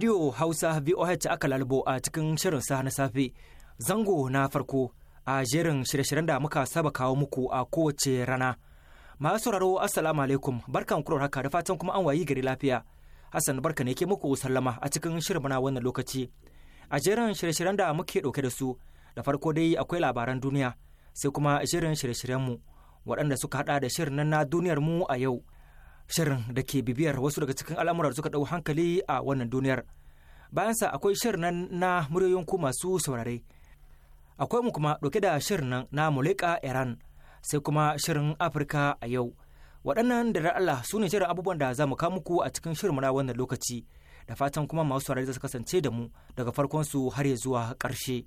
Radio Hausa VOH aka lalbo a cikin shirin sa na safe. Zango na farko a jerin shirye-shiryen da muka saba kawo muku a kowace rana. Masu sauraro Assalamu alaikum barkan kurar haka da fatan kuma an wayi gari lafiya. Hassan barka ne ke muku sallama a cikin shirin na wannan lokaci. A jerin shirye-shiryen da muke dauke da su da farko dai akwai labaran duniya sai kuma shirin shirye shiryen mu waɗanda suka hada da shirin na duniyar mu a yau. shirin da ke bibiyar wasu daga cikin al'amura da suka ɗau hankali a wannan duniyar bayansa akwai shirin nan na muryoyin ku masu saurare akwai mu kuma ɗauke da shirin nan na muleka iran sai kuma shirin afirka a yau waɗannan da Allah su ne shirin abubuwan da za mu kawo muku a cikin shirin na wannan lokaci da fatan kuma masu saurare za su kasance da mu daga farkon su har ya zuwa ƙarshe.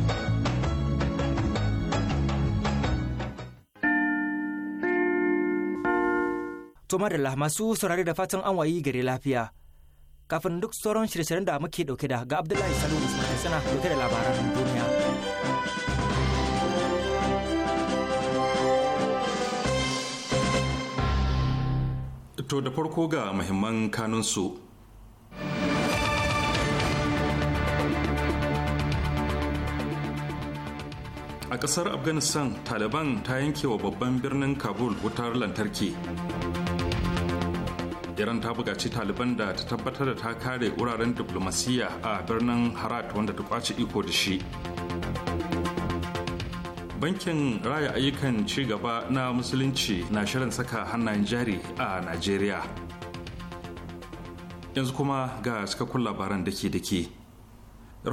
To madalla masu saurare da fatan an wayi gare lafiya. Kafin duk sauran shirye-shiryen da muke ɗauke da ga Abdullahi Salihu Usman sana dauke da labaran duniya. To da farko ga muhimman kanunsu. a ƙasar afghanistan taliban ta yanke wa babban birnin kabul wutar lantarki iran ta buƙaci taliban da ta tabbatar da ta kare wuraren diplomasiyya a birnin harat wanda ta kwace iko da shi bankin raya ayyukan ci gaba na musulunci na shirin saka hannayen jari a najeriya yanzu kuma ga cikakkun labaran da ke da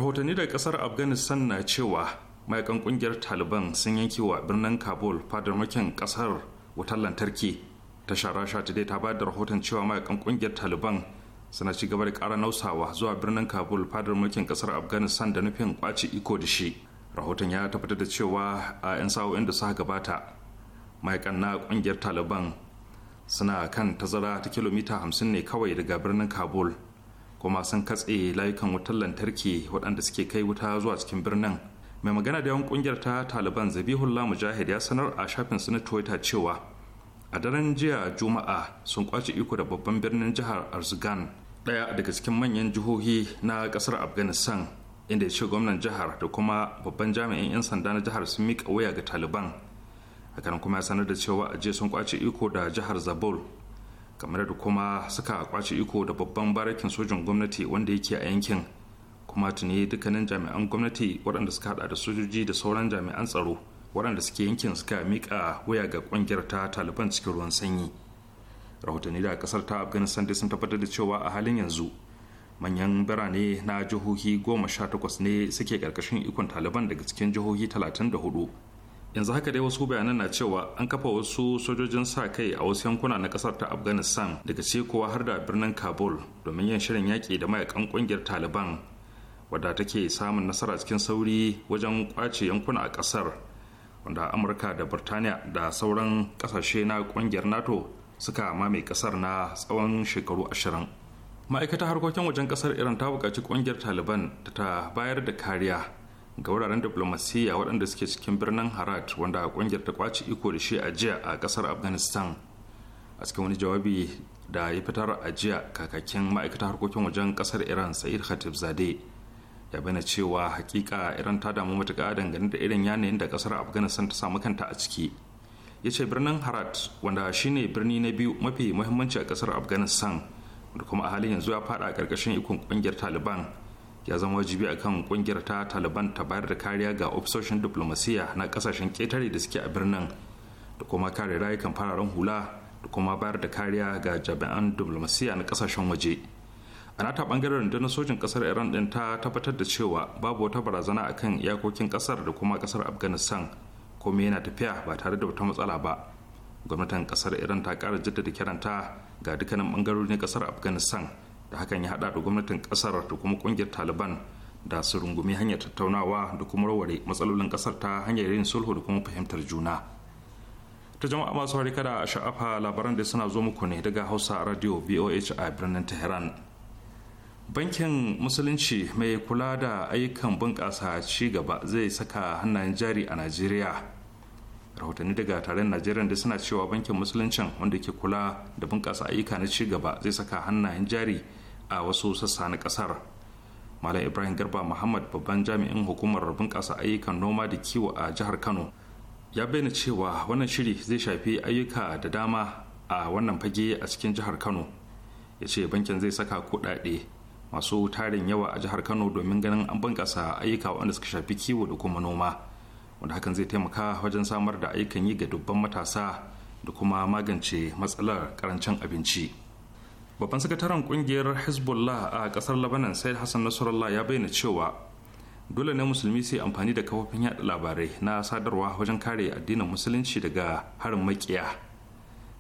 rahotanni daga kasar afghanistan na cewa mayakan kungiyar taliban sun yanke wa birnin kabul fadarmakin kasar wutar lantarki tashar rasha today ta bayar da rahoton cewa mayakan kungiyar taliban suna ci gaba da kara nausawa zuwa birnin kabul fadar mulkin kasar afghanistan da nufin kwaci iko da shi rahoton ya tabbatar da cewa a 'yan sa'o'in da suka gabata mayakan na kungiyar taliban suna kan tazara ta kilomita hamsin ne kawai daga birnin kabul kuma sun katse layukan wutar lantarki waɗanda suke kai wuta zuwa cikin birnin mai magana da yawan kungiyar ta taliban zabihullah mujahid ya sanar a shafin su na twitter cewa a daren jiya juma'a sun kwace iko da babban birnin jihar arzugan daya daga cikin manyan jihohi na kasar afghanistan inda ya ce gwamnan jihar da kuma babban jami'in 'yan sanda na jihar sun miƙa waya ga taliban hakan kuma ya sanar da cewa a jiya sun kwace iko da jihar zabul kamar da kuma suka kwace iko da babban barakin sojin gwamnati wanda yake a yankin kuma tuni dukkanin jami'an gwamnati waɗanda suka hada da sojoji da sauran jami'an tsaro waɗanda suke yankin suka mika waya ga ƙungiyar ta taliban cikin ruwan sanyi rahotanni da kasar ta afghanistan dai sun tabbatar da cewa a halin yanzu manyan birane na jihohi goma sha takwas ne suke ƙarƙashin ikon taliban daga cikin jihohi talatin da hudu yanzu haka dai wasu bayanan na cewa an kafa wasu sojojin sa kai a wasu yankuna na kasar ta afghanistan daga cikowa har da birnin kabul domin yin shirin yaƙi da mayakan ƙungiyar taliban wadda take samun nasara cikin sauri wajen kwace yankuna a ƙasar. wanda amurka da burtaniya da sauran kasashe na kungiyar nato suka mame kasar na tsawon shekaru ashirin ma'aikata harkokin wajen kasar iran ta buƙaci kungiyar taliban da ta bayar da kariya ga wuraren diplomasiyya waɗanda suke cikin birnin harat wanda kungiyar ta kwaci iko da shi a jiya a kasar afghanistan a cikin wani jawabi da ya fitar a jiya kakakin ma'aikata harkokin wajen kasar iran sa'id khatib zade ya bane cewa hakika irin ta damu matuƙa dangane da irin yanayin da ƙasar afghanistan ta samu kanta a ciki ya ce birnin harat wanda shine birni na biyu mafi muhimmanci a ƙasar afghanistan da kuma a halin yanzu ya fada a ƙarƙashin ikon ƙungiyar taliban ya zama wajibi a kan ƙungiyar ta taliban ta bayar da kariya ga ofisoshin diplomasiya na ƙasashen ƙetare da suke a birnin da kuma kare rayukan fararen hula da kuma bayar da kariya ga jami'an diplomasiya na ƙasashen waje. a nata bangaren rundunar sojin kasar iran din ta tabbatar da cewa babu wata barazana akan iyakokin kasar da kuma kasar afghanistan komai yana tafiya ba tare da wata matsala ba gwamnatin kasar iran ta kara jaddada kiranta ga dukkanin bangarorin kasar afghanistan da hakan ya hada da gwamnatin kasar da kuma kungiyar taliban da su rungumi hanyar tattaunawa da kuma warware matsalolin kasar ta hanyar yin sulhu da kuma fahimtar juna ta jama'a masu harika da sha'afa labaran da suna zo muku ne daga hausa radio voh a birnin tehran bankin musulunci mai kula da ayyukan bunƙasa ci gaba zai saka hannayen jari a najeriya rahotanni daga taron najeriya da suna cewa bankin musuluncin wanda ke kula da bunƙasa ayyuka na ci gaba zai saka hannayen jari a wasu sassa na ƙasar malam ibrahim garba muhammad babban jami'in hukumar bunƙasa ayyukan noma da kiwo a jihar kano ya bayyana cewa wannan shiri zai shafi ayyuka da dama a wannan fage a cikin jihar kano ya ce bankin zai saka kuɗaɗe masu tarin yawa a jihar kano domin ganin an bunkasa ayyuka wanda suka shafi kiwo da kuma noma wanda hakan zai taimaka wajen samar da ayyukan yi ga dubban matasa da kuma magance matsalar karancin abinci babban sakataren kungiyar hezbollah a kasar labanan sai hassan nasarallah ya bayyana cewa dole ne musulmi su amfani da kafofin yada labarai na sadarwa wajen kare addinin musulunci daga harin makiya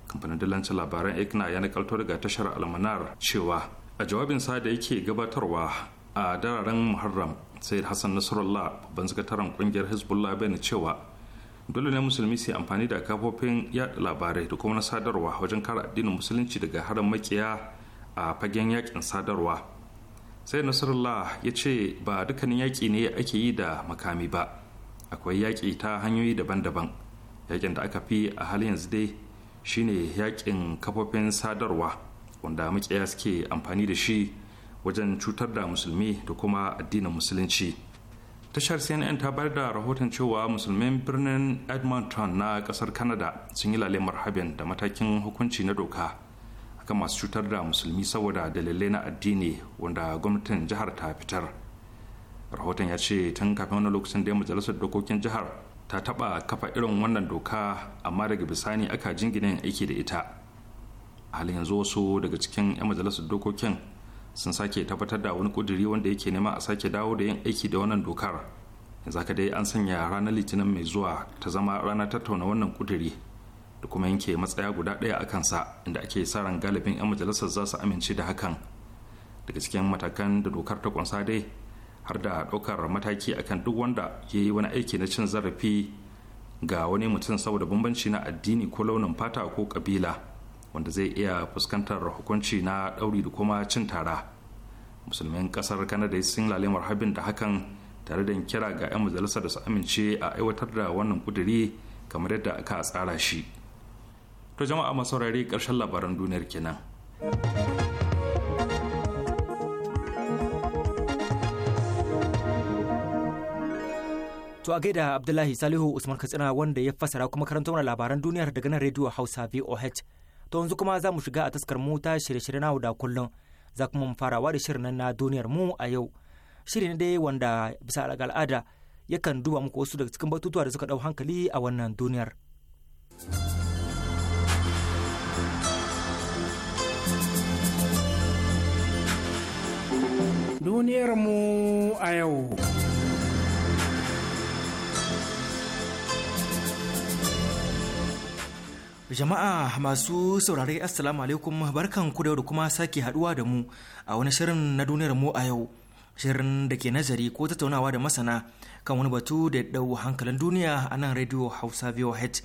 kamfanin dalancin labaran ekna ya nakalto daga tashar almanar cewa a jawabinsa da yake gabatarwa a dararen muharram sai hassan nasarallah babban sakataren kungiyar hezbollah bayyana cewa dole ne musulmi su yi amfani da kafofin yaɗa labarai da kuma na sadarwa wajen kare addinin musulunci daga harin makiya a fagen yakin sadarwa sai nasarallah ya ce ba dukkanin yaƙi ne ake yi da makami ba akwai yaƙi ta hanyoyi daban-daban yaƙin da aka fi a halin yanzu dai shine yaƙin kafofin sadarwa wanda makiya suke amfani da shi wajen cutar da musulmi da kuma addinin musulunci tashar cnn ta bayar da rahoton cewa musulmin birnin edmonton na kasar canada sun yi lalemar harbin da matakin hukunci na doka akan masu cutar da musulmi saboda dalilai na addini wanda gwamnatin jihar ta fitar rahoton ya ce tun kafin wani lokacin da majalisar dokokin jihar ta taba kafa irin wannan doka amma daga bisani aka jingina aiki da ita hali yanzu wasu daga cikin 'yan majalisar dokokin sun sake tabbatar da wani kuduri wanda yake nema a sake dawo da yin aiki da wannan dokar yanzu haka dai an sanya ranar litinin mai zuwa ta zama ranar tattauna wannan kuduri da kuma yanke matsaya guda ɗaya a kansa inda ake sa ran galibin 'yan majalisar za su amince da hakan daga cikin matakan da dokar ta kunsa dai har da ɗaukar mataki akan duk wanda ya yi wani aiki na cin zarafi ga wani mutum saboda bambanci na addini ko launin fata ko kabila wanda zai iya fuskantar hukunci na ɗauri da kuma cin tara musulmin ƙasar kanada sun lalemar harbin da hakan tare da kira ga 'yan majalisar da su amince a aiwatar da wannan kuduri kamar yadda aka tsara shi to jama'a masu saurari ƙarshen labaran duniyar kenan To a gaida Abdullahi Salihu Usman Katsina wanda ya fasara kuma karanta mana labaran duniyar daga nan rediyo Hausa VOH. To yanzu kuma za mu shiga a taskar mu ta shirye-shirye na da kullum za kuma mu farawa da shirin na duniyar mu a yau. Shiri ne dai wanda bisa al'ada yakan duba muku wasu daga cikin batutuwa da suka dau hankali a wannan duniyar. Duniyar mu a yau. Jama'a masu saurare Assalamu alaikum barkan ku da kuma sake haduwa da mu a wani shirin na duniyar mu a yau. Shirin da ke nazari ko tattaunawa da masana kan wani batu da dau hankalin duniya a nan Radio Hausa VOH.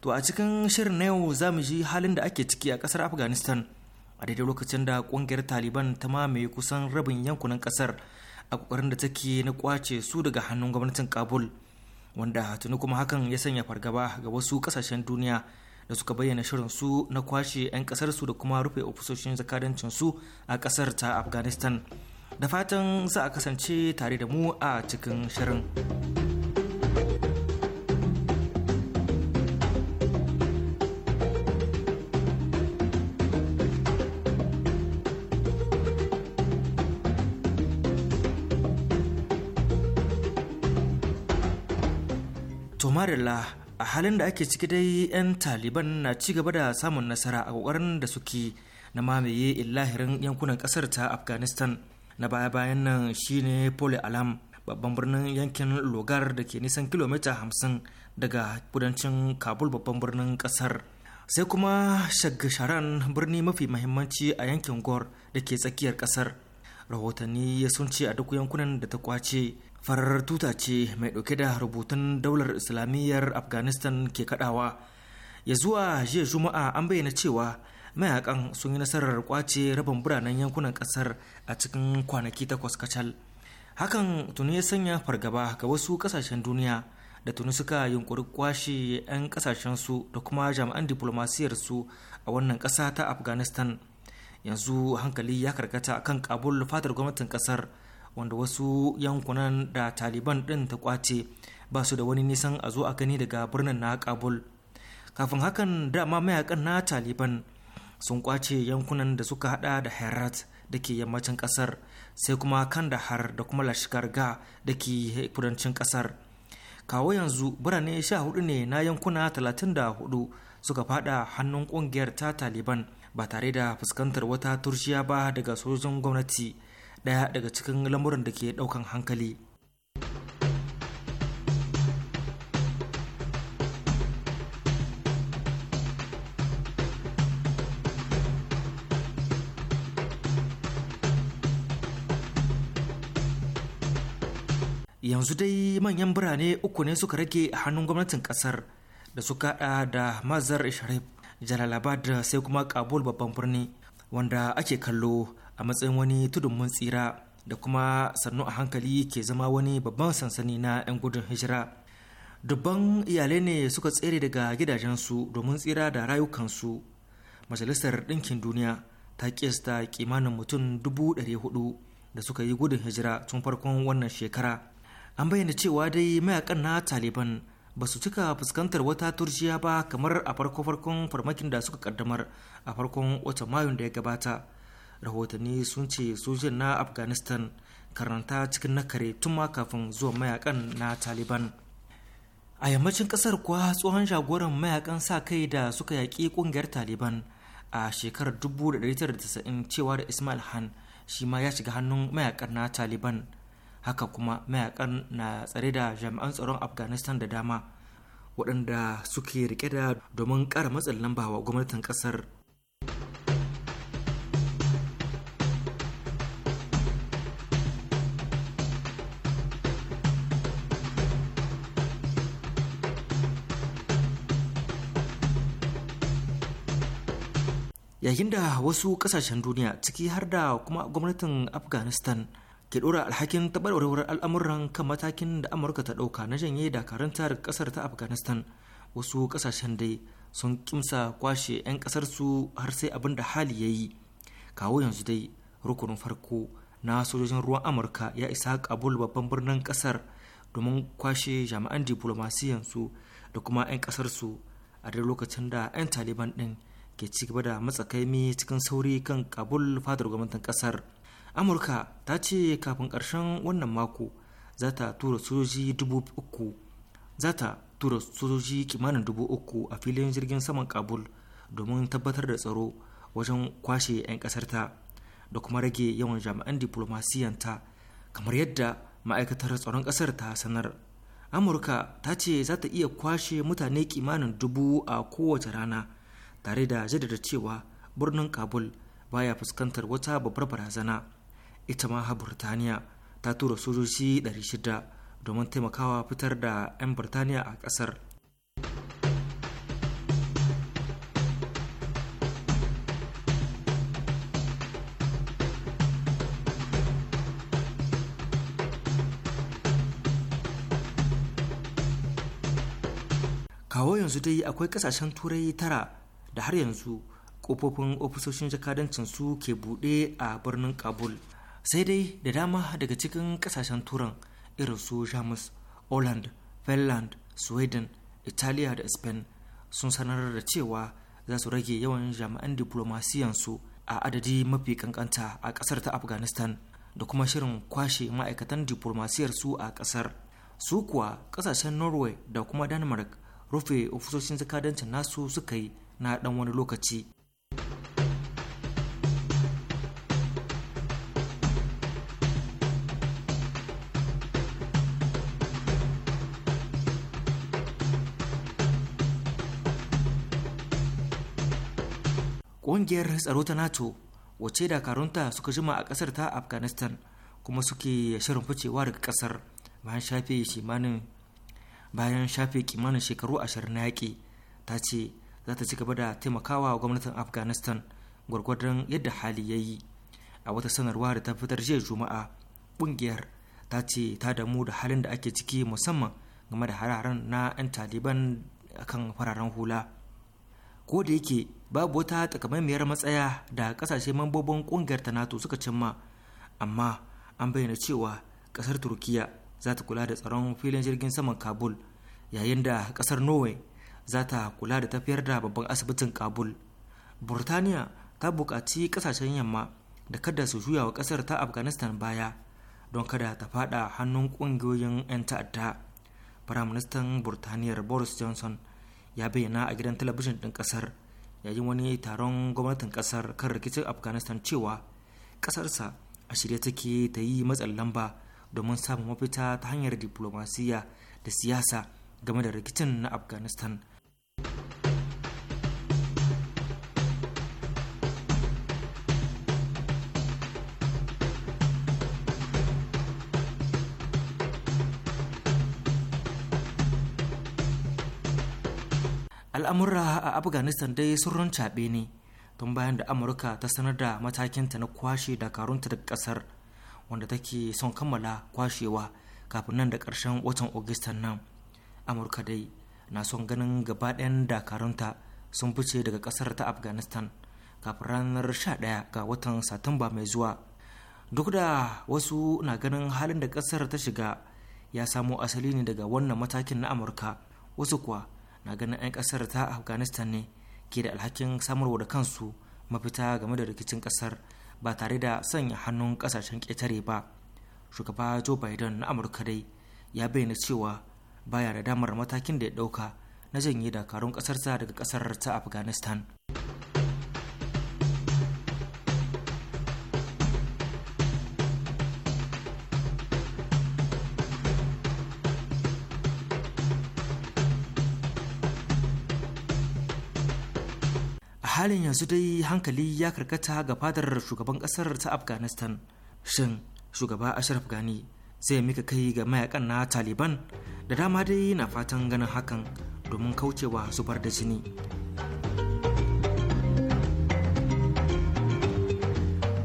To a cikin shirin na yau za mu ji halin da ake ciki a kasar Afghanistan a daidai lokacin da kungiyar Taliban ta mamaye kusan rabin yankunan kasar a kokarin da take na kwace su daga hannun gwamnatin Kabul wanda tuni kuma hakan ya sanya fargaba ga wasu kasashen duniya da suka bayyana shirin su na kwashe 'yan kasar su da kuma rufe ofisoshin zakarancin su a kasar ta afghanistan da fatan za a kasance tare da mu a cikin shirin tomarilla halin da ake ciki dai 'yan taliban na ci gaba da samun nasara a kokarin da suke na mamaye illahirin yankunan kasar ta afghanistan na baya-bayan nan shine pole alam babban birnin yankin logar da ke nisan kilomita 50 daga kudancin kabul babban birnin kasar sai kuma shagasharan birni mafi mahimmanci a yankin gor da ke tsakiyar kasar rahotanni sun ce a duk yankunan da ta kwace farar tuta ce mai ɗauke da rubutun daular islamiyyar afghanistan ke kadawa ya zuwa jiya juma'a an bayyana cewa mayakan sun yi nasarar kwace rabin biranen yankunan kasar a cikin kwanaki takwas kacal hakan tuni ya sanya fargaba ga wasu kasashen duniya da tuni suka yunkuri kwashe 'yan kasashen su da kuma jami'an diplomasiyar su a wannan kasa ta afghanistan yanzu hankali ya karkata kan kabul fatar gwamnatin kasar wanda wasu yankunan da taliban ɗin ta kwace ba su da wani nisan a zo a gani daga birnin na kabul kafin hakan dama mayakan na taliban sun kwace yankunan da suka hada da herat da ke yammacin kasar sai kuma kandahar da kuma ga da ke kudancin kasar kawo yanzu birane sha hudu ne na yankuna talatin da hudu suka fada hannun kungiyar ta taliban ba tare da fuskantar wata turjiya ba daga sojojin gwamnati daya daga cikin lamuran da ke ɗaukan hankali yanzu dai manyan birane uku ne suka rage a hannun gwamnatin kasar da suka hada da mazar sharif jalalabad sai kuma kabul babban birni wanda ake kallo a matsayin wani tudun mun tsira da kuma sannu a hankali ke zama wani babban sansani na 'yan gudun hijira dubban iyalai ne suka tsere daga gidajensu domin tsira da rayukansu majalisar ɗinkin duniya ta kista kimanin mutum dubu hudu da suka yi gudun hijira tun farkon wannan shekara an bayyana cewa dai mayakan na taliban ba su cika fuskantar wata turjiya ba kamar a farko-farkon farmakin da suka kaddamar a farkon watan mayun da ya gabata rahotanni sun ce sojin na afghanistan karanta cikin nakare tun ma kafin zuwa mayakan na taliban a yammacin kasar kuwa tsohon jagoran mayakan sa kai da suka yaƙi kungiyar taliban a shekarar 1990 cewa da ismail han shi ma ya shiga hannun mayakan na taliban haka kuma mayakan na tsare da jami'an tsaron afghanistan da dama waɗanda suke rike da domin ƙara matsin lamba wa gwamnatin ƙasar yayin da wasu kasashen duniya ciki har da kuma gwamnatin afghanistan ke dora alhakin taɓarɓarewar al'amuran kan matakin da amurka ta ɗauka na janye da da ƙasar ta afghanistan wasu kasashen dai sun kimsa kwashe 'yan ƙasar har sai abin da hali ya yi kawo yanzu dai rukunin farko na sojojin ruwan amurka ya isa kabul babban birnin ƙasar domin kwashe jami'an diplomasiyan su da kuma 'yan ƙasar a dare lokacin da 'yan taliban ɗin ke cigaba da matsakaimi cikin sauri kan kabul fadar gwamnatin kasar amurka ta ce kafin ƙarshen wannan mako za ta tura sojoji dubu uku za ta tura sojoji kimanin dubu uku a filin jirgin saman kabul domin tabbatar da tsaro wajen kwashe 'yan ƙasarta da kuma rage yawan jami'an diplomasiyanta kamar yadda ma'aikatar tsaron kasar ta sanar amurka ta ce za ta iya kwashe mutane kimanin dubu a kowace rana tare da jaddada cewa birnin kabul baya fuskantar wata babbar barazana ita ma burtaniya ta tura sojoji 600 domin taimakawa fitar da 'yan burtaniya a kasar kawo yanzu dai akwai kasashen turai tara da har yanzu kofofin ofisoshin jakadancin su ke buɗe a birnin kabul sai dai da dama daga cikin ƙasashen turan irin su jamus holland finland sweden italiya da spain sun sanar da cewa za su rage yawan jami'an diplomasiyansu a adadi mafi kankanta a ƙasar ta afghanistan da kuma shirin kwashe ma'aikatan diplomasiyarsu a ƙasar su kuwa ƙasashen norway da kuma denmark rufe ofisoshin jakadancin nasu suka yi na ɗan wani lokaci ƙungiyar tsaro ta nato wace dakarunta suka jima a ƙasar ta afghanistan kuma suke shirin ficewa daga ƙasar bayan shafe kimanin bayan shafe kimanin shekaru ashirin na yaƙi ta ce za ta ci gaba da taimakawa gwamnatin afghanistan gwargwadon yadda hali ya yi a wata sanarwa da ta fitar jiya juma'a kungiyar ta ce ta damu da halin da ake ciki musamman game da hararen na 'yan taliban akan fararen hula ko da yake babu wata takamaimiyar matsaya da kasashe mambobin kungiyar ta nato suka cimma amma an bayyana cewa kasar turkiya za ta kula da tsaron filin jirgin saman kabul yayin da kasar norway za ta kula da tafiyar da babban asibitin kabul burtaniya ta bukaci ƙasashen yamma da kada su juya wa ƙasar ta afghanistan baya don kada ta fada hannun ƙungiyoyin 'yan ta'adda firaministan burtaniyar boris johnson ya bayyana a gidan talabijin ɗin ƙasar yayin wani taron gwamnatin ƙasar kan rikicin afghanistan cewa ƙasarsa a shirye take ta yi matsan lamba domin samun mafita ta hanyar diplomasiya da siyasa game da rikicin na afghanistan al'amurra a afghanistan dai sun runcaɓe ne tun bayan da amurka ta sanar da matakinta na kwashe dakarunta daga ƙasar wanda take son kammala kwashewa kafin nan da karshen watan augustan nan amurka dai na son ganin gaba ɗayan dakarunta sun fice daga ƙasar ta afghanistan kafin ranar sha 11 ga watan satumba mai zuwa duk da wasu na ganin halin da ƙasar ta shiga ya samo asali ne daga wannan matakin na amurka wasu kuwa na ganin 'yan kasar ta afghanistan ne ke da alhakin samarwa da kansu mafita game da rikicin kasar ba tare da sanya hannun kasashen ƙetare ba shugaba joe biden na amurka dai ya bayyana cewa baya da damar matakin da ya ɗauka na janye dakarun ƙasarsa daga ƙasar ta afghanistan halin yanzu dai hankali ya karkata ga fadar shugaban kasar ta afghanistan shin shugaba ashraf gani zai mika kai ga mayakan na taliban da dama dai na fatan ganin hakan domin kaucewa zubar da jini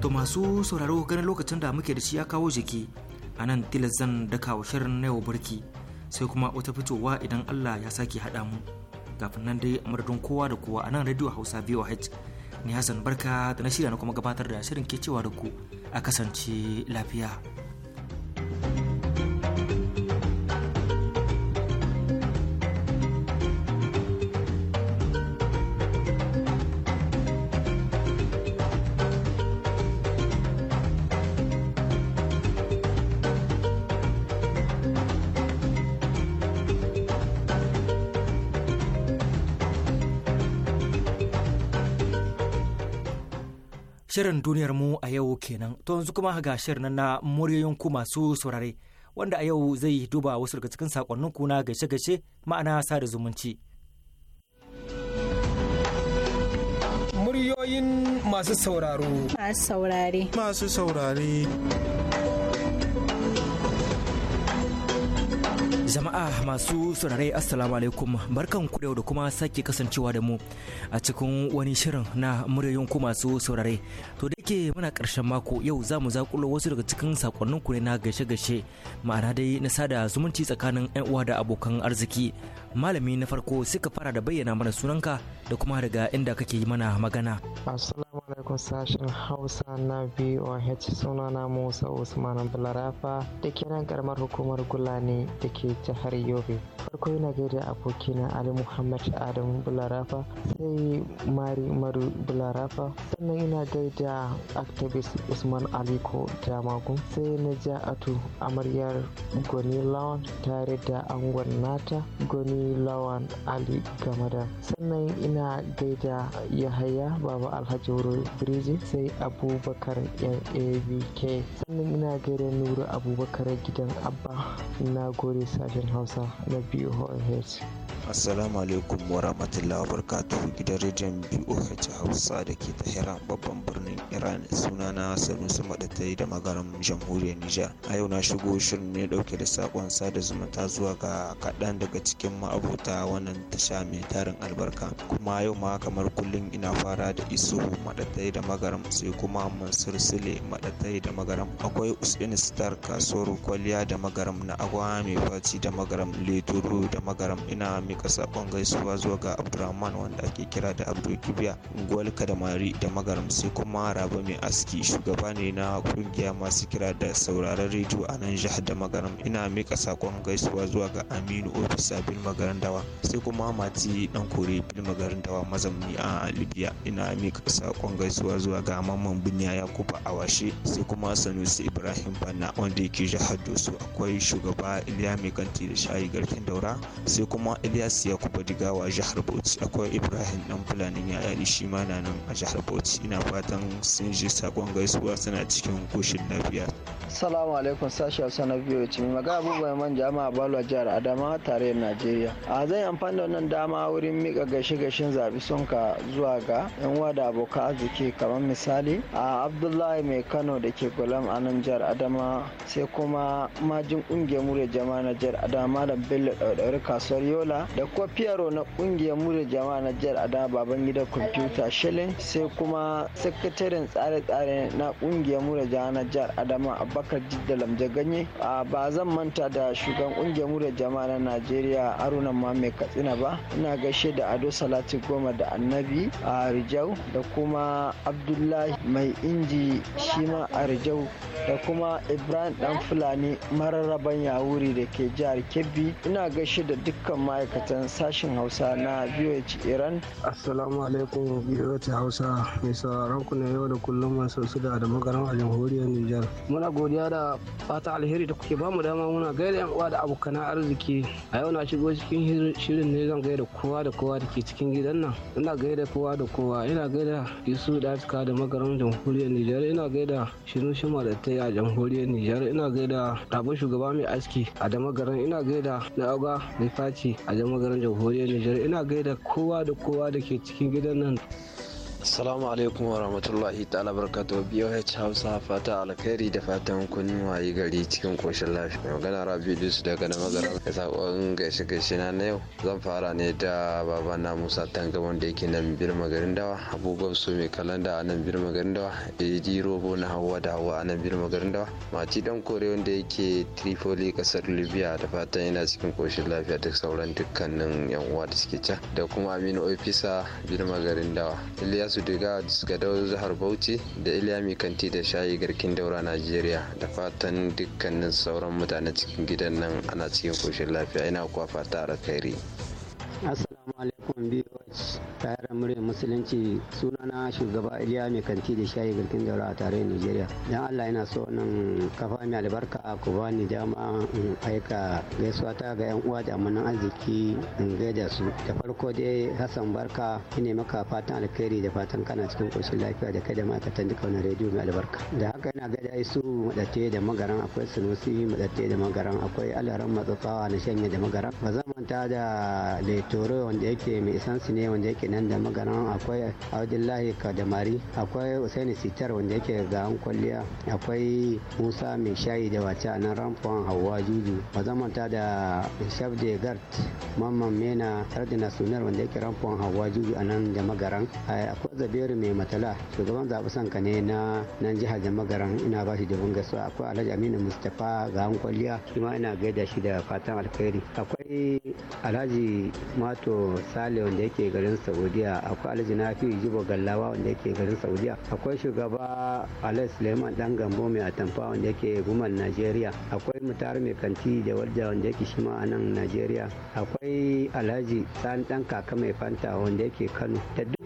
to masu sauraro ganin lokacin da muke da shi ya kawo jiki a nan tilazan da kawo shirin na yau barki sai kuma wata fitowa idan allah ya sake haɗa mu kafin nan dai a madadin kowa da kowa a nan radio hausa voh ni hassan barka da na shirya na kuma gabatar da shirin ke cewa da ku a kasance lafiya Shirin duniyar mu a yau kenan to yanzu kuma ga shirin na muryoyin ku masu saurare wanda a yau zai duba wasu daga cikin sakonnin ku na gaishe-gaishe ma'ana sada zumunci. Muryoyin masu sauraro. Masu saurare. Masu saurare. Jama'a masu saurare Assalamu alaikum barkan ku da kuma sake kasancewa da mu a cikin wani shirin na muryoyin ku masu saurare. To da yake muna karshen mako yau za mu zakulo wasu daga cikin sakonnin ku na gashe-gashe ma'ana dai na sada zumunci tsakanin 'yan uwa da abokan arziki. malami na farko suka fara da bayyana mana sunanka da kuma daga inda kake yi mana magana. Assalamu alaikum sashen Hausa na VOH suna na Musa Usman Balarafa da ke nan karamar hukumar Gulani da ke jihar Yobe. Farko yana gaida abokina Ali Muhammad Adam Bularafa sai Mari Maru Bularafa sannan ina gaida activist Usman Aliko Damagun sai na Atu amaryar Gwani Lawan tare da angon nata Gwani lawan ali gamada sannan ina gaida yahaya baba alhaji wuro birji sai abubakar yan abk sannan ina gaida nuru abubakar gidan abba na gode sashen hausa na boh assalamu alaikum wa rahmatullahi wa barkatu. gidan rediyon boh hausa da ke tahiran babban birnin iran sunana su madatai da magaran jamhuriyar nija. a yau na shigo shirin ne dauke da sakon sada zumunta zuwa ga kaɗan daga cikin ma abota wannan tasha mai tarin albarka kuma yau ma kamar kullum ina fara da isuhu maɗatai da magaram sai kuma mansur sule maɗatai da magaram akwai usaini star kasuwar kwaliya da magaram na agwa mai faci da magaram leturu da magaram ina mika sakon gaisuwa zuwa ga abdurrahman wanda ake kira da abdul kibiya gwal kadamari da magaram sai kuma rabe mai aski shugaba ne na kungiya masu kira da sauraron rediyo a nan jihar da magaram ina mika sakon gaisuwa zuwa ga aminu ofis sabin magaram garin dawa sai kuma mati dan kore bilma garin dawa mazamni a libya ina mika sakon gaisuwa zuwa ga mamman kuba a washe sai kuma sanusi ibrahim banna wanda yake jihar dosu akwai shugaba iliya mai kanti da shayi garkin daura sai kuma ilyas yakuba digawa jihar bauchi akwai ibrahim dan fulanin yayari shi ma na nan a jihar bauchi ina fatan sun ji sakon gaisuwa suna cikin koshin lafiya Assalamu alaikum sashi Hausa na biyu ce mai magana man jama'a Balwa jihar adama tarayyar Najeriya. A zan yi amfani da wannan dama wurin mika gashi gashin zabi sunka zuwa ga yan uwa da abokan arziki kamar misali a Abdullahi mai Kano da ke Gulam a nan jihar adama sai kuma majin ƙungiyar murya jama'a na jihar adama da Bello Ɗaɗɗaure kasuwar Yola da kuma Fiyaro na ƙungiyar murya jama'a na jihar adama baban gidan kwamfuta Shilin sai kuma sakataren tsare-tsare na ƙungiyar murya jama'a na jihar Adamawa abubakar didda lamja ganye ba zan manta da shugaban kungiyar mu da jama'a na najeriya haruna mai katsina ba ina gaishe da ado Salatu goma da annabi a rijau da kuma abdullahi mai inji Shima ma a rijau da kuma ibrahim dan fulani mararraban yawuri da ke jihar kebbi ina gaishe da dukkan ma'aikatan sashen hausa na voh iran assalamu alaikum voh hausa mai sauraron ku na yau da kullum masu da da a jamhuriyar nijar muna gode godiya da fata alheri da kuke bamu dama muna gaida yan uwa da abokan arziki a yau na shigo cikin shirin ne zan gaida kowa da kowa da ke cikin gidan nan ina gaida kowa da kowa ina gaida yusuf da afirka da magaran jamhuriyar nijar ina gaida shirin shima da ta a jamhuriyar nijar ina gaida rabon shugaba mai aski a da magaran ina gaida na auga mai faci a da magaran jamhuriyar nijar ina gaida kowa da kowa da ke cikin gidan nan Assalamu alaikum wa rahmatullahi ta'ala barakatuhu BOH Hausa fata alkhairi da fatan kun waye gari cikin koshin lafiya. Magana Rabi dusu daga na magaran ya sakon gaishe gaishe na yau. Zan fara ne da baba na Musa Tanga wanda yake nan Birma garin Dawa, abubuwan su mai kalanda a nan Birma garin Dawa, AD Robo na hawa da hawa a nan Birma garin Dawa. Mati dan Kore wanda yake Tripoli kasar Libya da fatan yana cikin koshin lafiya duk sauran dukkanin yan uwa da suke can da kuma Aminu Ofisa Birma garin Dawa. Ilyas su Diga Gadau Zahar Bauchi da Ilyami Kanti da Shayi Garkin Daura Najeriya da fatan dukkanin sauran mutane cikin gidan nan ana cikin koshin lafiya ina kuwa fata alkhairi. alaikum BOH tare murya musulunci sunana shugaba Iliya mai kanti da shayi garkin daura a tarayyar Nijeriya. Dan Allah yana so nan kafa mai albarka ku ba ni dama in aika gaisuwa ta ga yan uwa da amanan arziki in gaida su. Da farko dai Hassan Barka ina maka fatan alkhairi da fatan kana cikin koshin lafiya da kai da ma'aikatan duka wani rediyo mai albarka. Da haka yana gaida su madatte da magaran akwai Sunusi madatte da magaran akwai Alaran Matsatsawa na shanye da magaran. Ba zamanta da Laitoro wanda yake ce mai isansu ne wanda yake nan da magaran akwai abdullahi kadamari akwai usaini sitar wanda yake ga an kwalliya akwai musa mai shayi da wace a nan ramfon hawa juju ba zamanta da shabde gart mamman mena sardina sunar wanda yake ramfon hawa juju a nan da magaran akwai zabiru mai matala shugaban zaɓi sanka ne na nan jihar da magaran ina ba shi dubin gaso akwai alhaji aminu mustapha ga an kwalliya shi ma ina gaida shi da fatan alkhairi akwai alhaji mato sa sale wanda yake garin saudiya akwai alhaji nafi jibo gallawa wanda yake garin saudiya akwai shugaba Alex suleiman dan gambo mai atamfa wanda yake gumar najeriya akwai mutar mai kanti da walda wanda yake shima a nan najeriya akwai alhaji sani dan kaka mai fanta wanda yake kano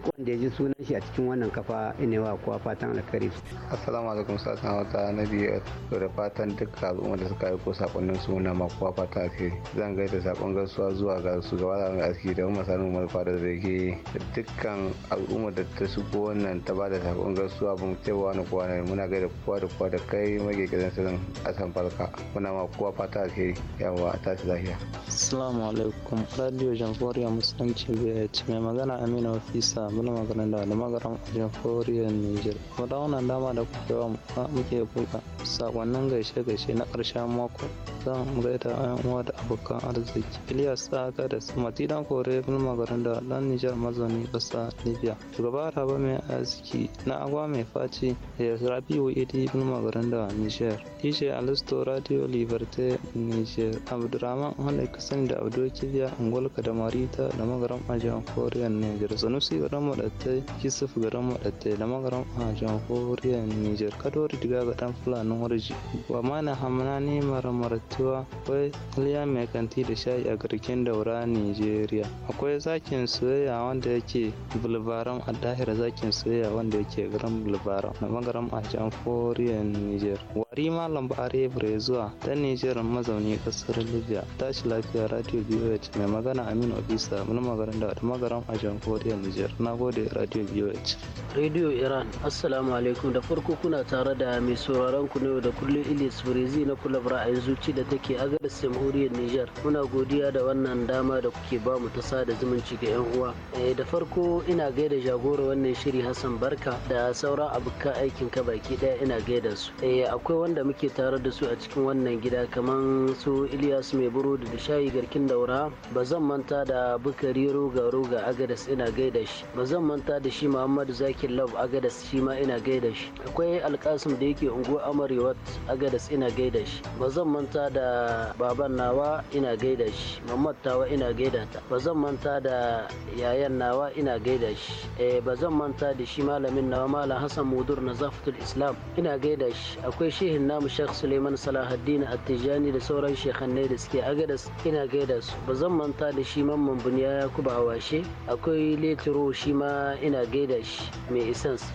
wanda ya ji sunan shi a cikin wannan kafa inewa kuwa fatan alkhairi assalamu alaikum sassan wata na biyu da fatan duka al'umma da suka aiko sakonnin suna ma kuwa fata ke zan gaida sakon gaisuwa zuwa ga su ga da mai aski da umar sanu umar fada da ke da dukkan al'umma da ta shigo wannan ta ba da sakon gaisuwa ban cewa wani kuwa ne muna gaida kowa da kowa da kai magigidan sirrin asan farka muna ma kuwa fata ke yawa a tashi lafiya assalamu alaikum radio jamhuriyar musulunci bai mai magana amina wafisa muna magana da magaram a jamhuriyar niger kuma da wannan dama da kuka yawa muke buka sakonnin gaishe gaishe na ƙarshen mako zan gaida yan uwa da abokan arziki ilyas tsaka da su matidan kore muna magaran da dan niger mazauni ƙasa libya shugaba raba mai arziki na agwa mai faci da rabiu idi muna magaran da niger ishe alisto radio liberté niger abdurrahman wanda ka da abdul kiliya angolka da marita da magaram a jamhuriyar niger sanusi garan maɗattai yusuf garan maɗattai da magaran a jamhuriyar niger kado diga ga dan fulanin warji wa mana hamna ne maramartuwa akwai iliya mai kanti da shayi a garkin daura nigeria akwai zakin soyayya wanda yake bulbaram a dahira zakin soyayya wanda yake garin bulbaram da magaran a jamhuriyar niger wari malam bare brezuwa ta niger mazauni kasar libya tashi lafiya radio bh mai magana aminu obisa mulmagaran da magaran a jamhuriyar nijar. na gode radio voh Radio Iran, Assalamu alaikum da farko kuna tare da mai sauraron ku yau da kullum Ilis Brezi na kula ra'ayin zuci da take agadar jamhuriyar Nijar. Muna godiya da wannan dama da kuke ba mu ta sada zumunci ga 'yan uwa. Eh, da farko ina gaida jagora wannan shiri Hassan Barka da sauran abokan aikin ka baki daya ina gaida su. Eh, akwai wanda muke tare da su a cikin wannan gida kamar su Ilyas Mai Burodi da Shayi Garkin Daura. Ba zan manta da Bukari Roga Roga Agadas ina gaida shi. ba zan manta da shi muhammadu zakir love agadas shi ma ina gaida shi akwai alkasim da yake unguwar amarewa agadas ina gaida shi ba zan manta da baban nawa ina gaida shi muhammadu tawa ina gaida ta ba zan manta da yayan nawa ina gaida shi eh ba zan manta da shi malamin nawa malam hassan mudur na zafatul islam ina gaida shi akwai shehin namu shekh suleiman salahaddin attijani da sauran shekhanai da suke agadas ina gaida su ba zan manta da shi mamman buniya yakuba hawashe akwai letiro shi shi ma ina gaida shi mai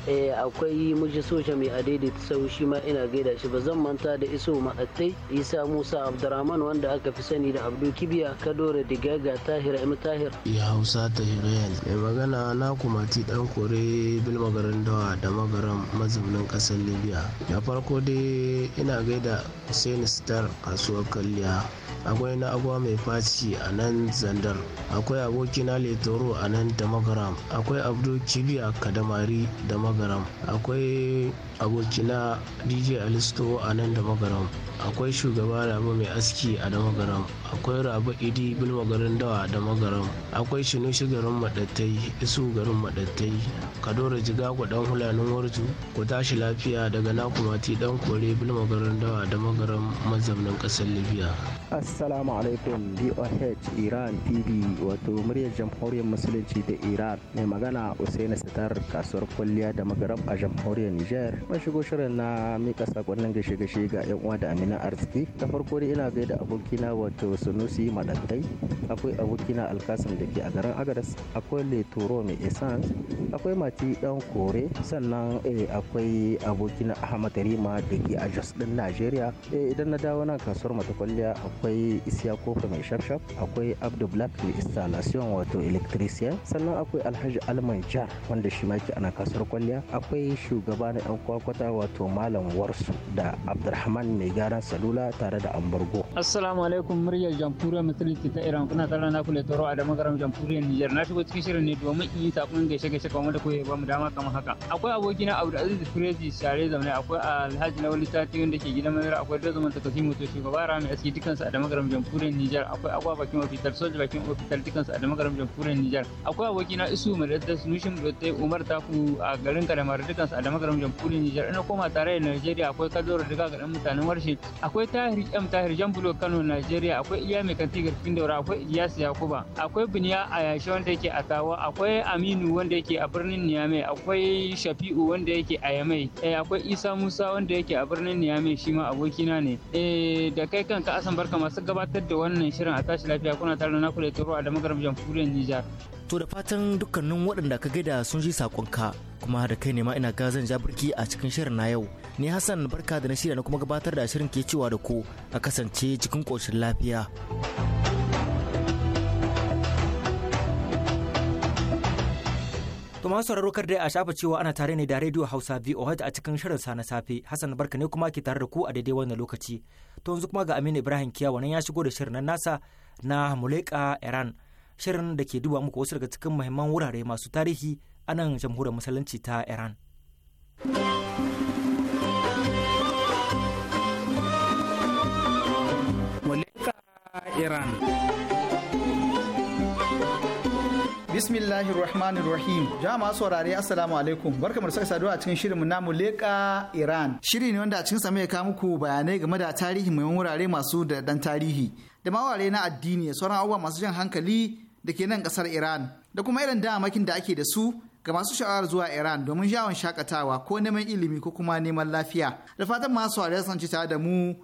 eh akwai muji soja mai ta sau shi ma ina gaida shi ba zan manta da iso ma'attai isa musa abdurrahman wanda aka fi sani da abdul kibiya kadore digaga tahir m tahir ya hausa ta hiroyal mai magana na kumati dan kore bil magaran dawa da magaran mazaunin kasar libya ya farko dai ina gaida hussein star kasuwar kalliya akwai na agwa mai faci a nan zandar akwai abokina letoro a nan da magaram akwai abdul kibiya kadamari da magaram akwai abokina dj alisto a nan da magaram akwai shugaba rabu mai aski a da magaram akwai rabu idi bilmagarin dawa da magaram akwai shinushi garin madattai isu garin madattai kadora jigago dan hulanin warju ku tashi lafiya daga nakumati dan kore bilma dawa da magaram mazaunin kasar libya assalamu alaikum doh iran tv wato muryar jamhuriyar musulunci da iran mai magana usaini sitar kasuwar kwalliya da magaram a jamhuriyar niger ban shigo shirin na mika sakonnin gashe-gashe ga yan uwa da amina arziki ta farko dai ina gaida abokina wato sunusi madantai akwai abokina alkasim da ke a garin agadas akwai leturo mai essence akwai mati dan kore sannan eh, akwai abokina ahmad rima da ke a jos din najeriya eh, idan na dawo nan kasuwar matakwalliya akwai isiya kofa mai shafshaf akwai abdu black mai installation wato electrician sannan akwai alhaji alman jar wanda shi ma ke ana kasuwar kwalliya akwai shugaba na yan kwakwata wato malam warsu da abdulrahman mai gyaran salula tare da ambargo assalamu alaikum muryar jamhuriyar musulunci ta iran kuna tare na kula tauro a damagaram jamhuriyar nijar na shigo cikin shirin ne domin in yi takun gaishe gaishe kamar da kuke ba mu dama kamar haka akwai abokina aziz firezi share zaune akwai alhaji na wani sati wanda ke gidan mayar akwai da zaman takasi moto shugaba rami aski dukansu a damagaram jamhuriyar nijar akwai agwa bakin ofitar soja bakin ofitar dukansu a damagaram jamhuriyar nijar akwai abokina isu mai da nushin da umar taku a garin kadamar dukansu a garin jamhuriyar Nijar ina koma tare da Najeriya akwai Kadoro Diga ga dan mutanen Warshe akwai Tahir M Tahir Jan Bulo Kano Najeriya akwai Iya Mai Kanti Garfin Daura akwai Iyasu Yakuba akwai Buniya Ayashi wanda yake a Tawa akwai Aminu wanda yake a birnin Niamey akwai Shafi'u wanda yake a Yamai eh, akwai Isa Musa wanda yake a birnin Niamey shi ma abokina ne eh, da kai kanka asan barka masu gabatar da wannan shirin a tashi lafiya kuna tare da naku da turo da jamhuriyar Nijar. To da fatan dukkanin waɗanda ka gaida sun ji saƙonka kuma da kai ne ma ina ga zan ja birki a cikin shirin na yau. Ni Hassan barka da na shirya na kuma gabatar da shirin ke cewa da ku a kasance cikin koshin lafiya. To masu sauraro kar dai a shafa cewa ana tare ne da Radio Hausa VOH a cikin shirin sa na safe. Hassan barka ne kuma ke tare da ku a daidai wannan lokaci. To yanzu kuma ga Aminu Ibrahim kiya wannan ya shigo da shirin nan nasa na Muleka Iran. shirin da ke duba muku wasu daga cikin mahimman wurare masu tarihi a nan jamhuriyar musulunci ta Iran. Muleka Iran. Bismillahir Rahmanir Rahim. Jama'a saurare Assalamu alaikum. Barkamu da saka saduwa a cikin shirinmu na Muleka Iran. Shiri ne wanda a cikin sa mai kawo muku bayanai game da tarihi mai wurare masu da dan tarihi. Da maware na addini sauran abubuwa masu jan hankali da ke nan kasar Iran da kuma irin damakin da ake da su ga masu sha'awar zuwa Iran domin yawon shakatawa ko neman ilimi ko kuma neman lafiya. Da fatan masu wariya da da mu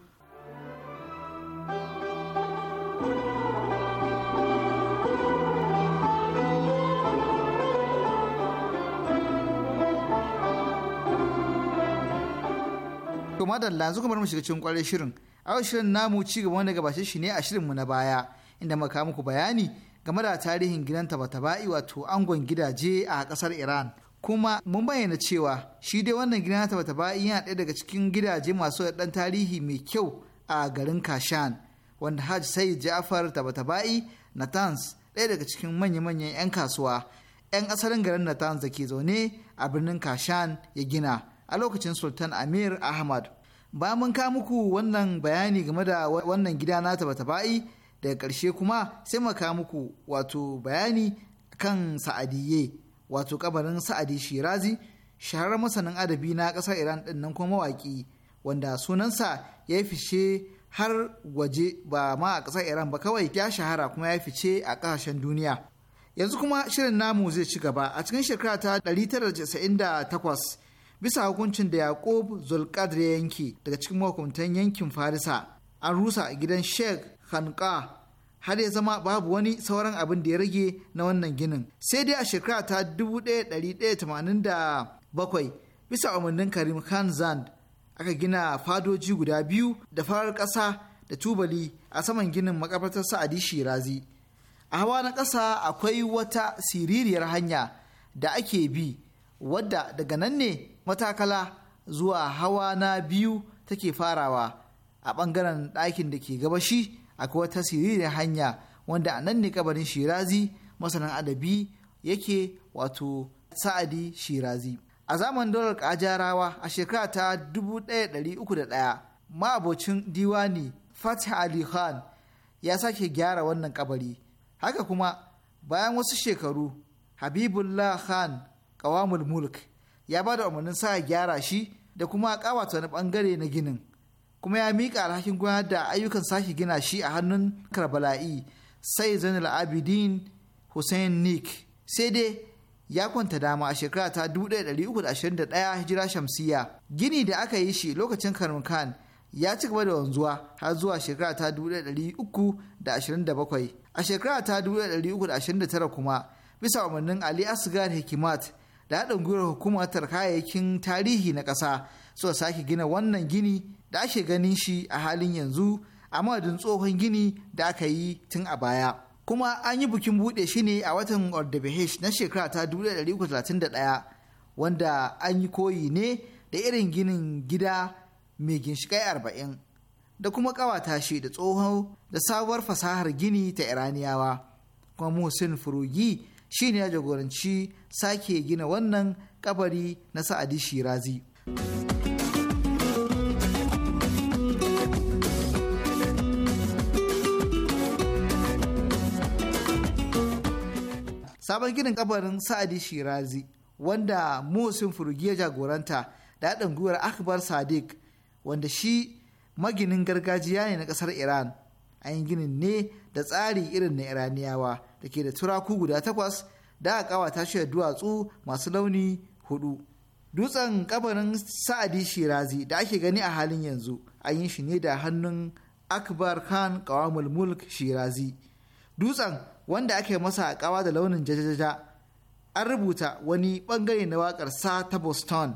To madalla yanzu kamar mu shiga cikin kwarar shirin. A shirin namu ci gaba wanda gabashe shi ne a shirinmu na baya inda muka muku bayani game da tarihin gidan tabatabai wato angon gidaje a kasar iran kuma mun bayyana cewa shi dai wannan gidan tabatabai yana ɗaya daga cikin gidaje masu ɗan tarihi mai kyau a garin kashan wanda hajj sai ja'far tabatabai natans ɗaya daga cikin manya-manyan 'yan kasuwa 'yan asalin garin natans da ke zaune a birnin kashan ya gina a lokacin sultan amir ahmad ba mun ka muku wannan bayani game da wannan gida na tabatabai daga ƙarshe kuma sai maka muku wato bayani kan sa'adiye wato kabarin sa'adi shirazi shaharar masanin adabi na ƙasar iran ɗin nan kuma mawaƙi wanda sunansa ya fice har waje ba ma a ƙasar iran ba kawai ya shahara kuma ya fice a ƙasashen duniya yanzu kuma shirin namu zai ci gaba a cikin shekara ta 1998 bisa hukuncin da yakub zulkadar ya yanke daga cikin mahukuntan yankin farisa an rusa a gidan sheikh hanƙa har ya zama babu wani sauran abin da ya rage na wannan ginin sai dai a shekara ta 1187 bisa umarnin karim khan zand aka gina fadoji guda biyu da farar ƙasa da tubali a saman ginin makabartar sa'adi shirazi a hawa na ƙasa akwai wata siririyar hanya da ake bi wadda daga nan ne matakala zuwa hawa na biyu take farawa a ɓangaren ɗakin da ke gabashi akwai wata siririyar hanya wanda a nan ne kabarin shirazi masanin adabi yake wato sa'adi shirazi a zaman daular kajarawa a shekara ta 1301 ma'abocin diwani fatih ali khan ya sake gyara wannan kabari haka kuma bayan wasu shekaru habibullah khan kawamul mulk ya ba da umarnin sa gyara shi da kuma kawata wani bangare na ginin kuma ya mika alhakin gudanar da ayyukan sake gina shi a hannun karbala'i sai zainal abidin hussein nick sai dai ya kwanta dama a shekara ta 1321 hijira shamsiya gini da aka yi shi lokacin karmkan khan ya ci gaba da wanzuwa har zuwa shekara ta 1327 a shekara ta 1329 kuma bisa umarnin ali asgar hikimat da haɗin gwiwar hukumar kayayyakin tarihi na ƙasa suka sake gina wannan gini da ake ganin shi a halin yanzu a madadin tsohon gini da aka yi tun a baya. Kuma an yi bukin buɗe shi ne a watan Ordebehesh na shekara ta 1931 wanda an yi koyi ne da irin ginin gida mai ginshikai arba'in da kuma ƙawata shi da tsohon da sabuwar fasahar gini ta Iraniyawa. Kuma musin Furugi shi ne ya jagoranci sake gina wannan kabari na Sa'adi Shirazi. sabon ginin kabarin sa'adi shirazi wanda musin ya jagoranta da haɗin gwiwar akbar sadiq wanda shi maginin gargajiya ne na ƙasar iran an yi ginin ne da tsari irin na iraniyawa da ke da turaku guda takwas da a ƙawata shi da duwatsu masu launi hudu dutsen kabarin sa'adi shirazi da ake gani a halin yanzu an yi shi ne da hannun akbar khan kawamul mulk shirazi dutsen wanda aka masa a kawa da launin jajajaja an rubuta wani bangare na wakar sa ta boston